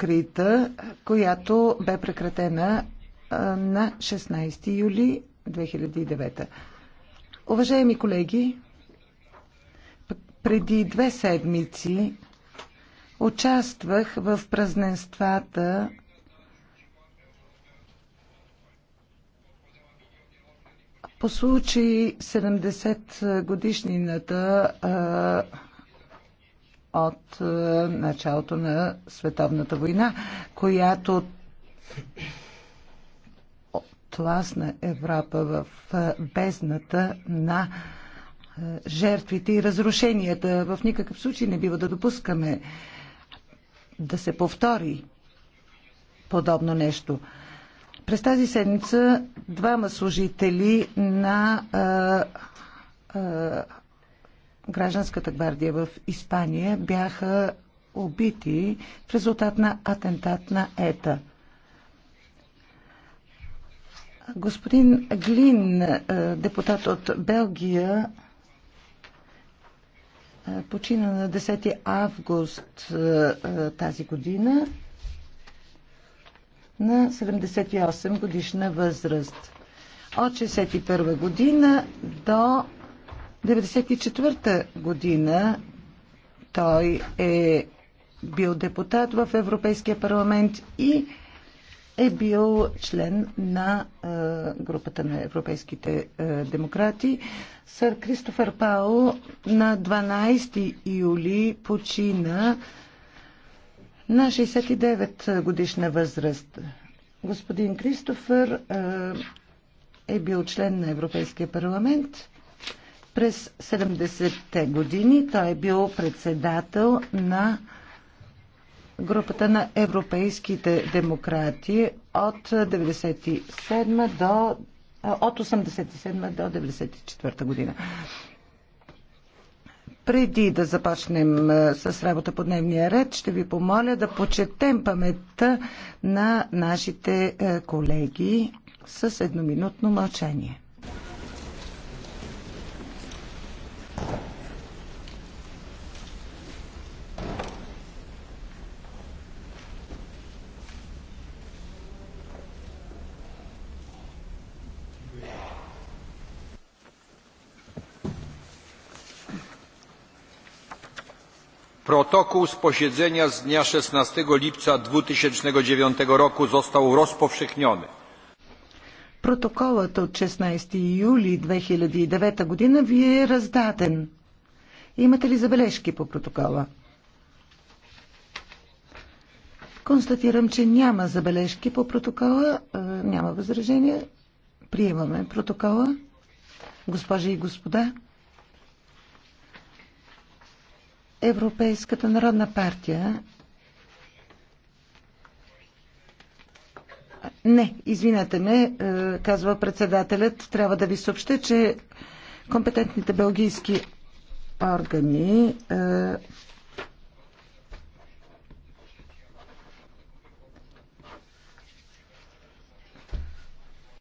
открита, която бе прекратена на 16 юли 2009. Уважаеми колеги, преди две седмици участвах в празненствата по случай 70 годишнината от е, началото на световната война, която тласна Европа в е, бездната на е, жертвите и разрушенията. В никакъв случай не бива да допускаме да се повтори подобно нещо. През тази седмица двама служители на е, гражданската гвардия в Испания бяха убити в резултат на атентат на ЕТА. Господин Глин, е, депутат от Белгия, е, почина на 10 август е, тази година на 78 годишна възраст. От 61 година до 1994 година той е бил депутат в Европейския парламент и е бил член на е, групата на европейските е, демократи. Сър Кристофър Пао на 12 юли почина на 69 годишна възраст. Господин Кристофър е, е бил член на Европейския парламент през 70-те години той е бил председател на групата на европейските демократи от 97 до от 87 до 94 година. Преди да започнем с работа по дневния ред, ще ви помоля да почетем паметта на нашите колеги с едноминутно мълчание. Protokół z posiedzenia z dnia 16 lipca 2009 roku został rozpowszechniony. Протоколът от 16 юли 2009 година ви е раздаден. Имате ли забележки по протокола? Констатирам, че няма забележки по протокола, е, няма възражения. Приемаме протокола. Госпожи и господа, Европейската народна партия. Не, извинете ме, е, казва председателят. Трябва да ви съобща, че компетентните белгийски органи е,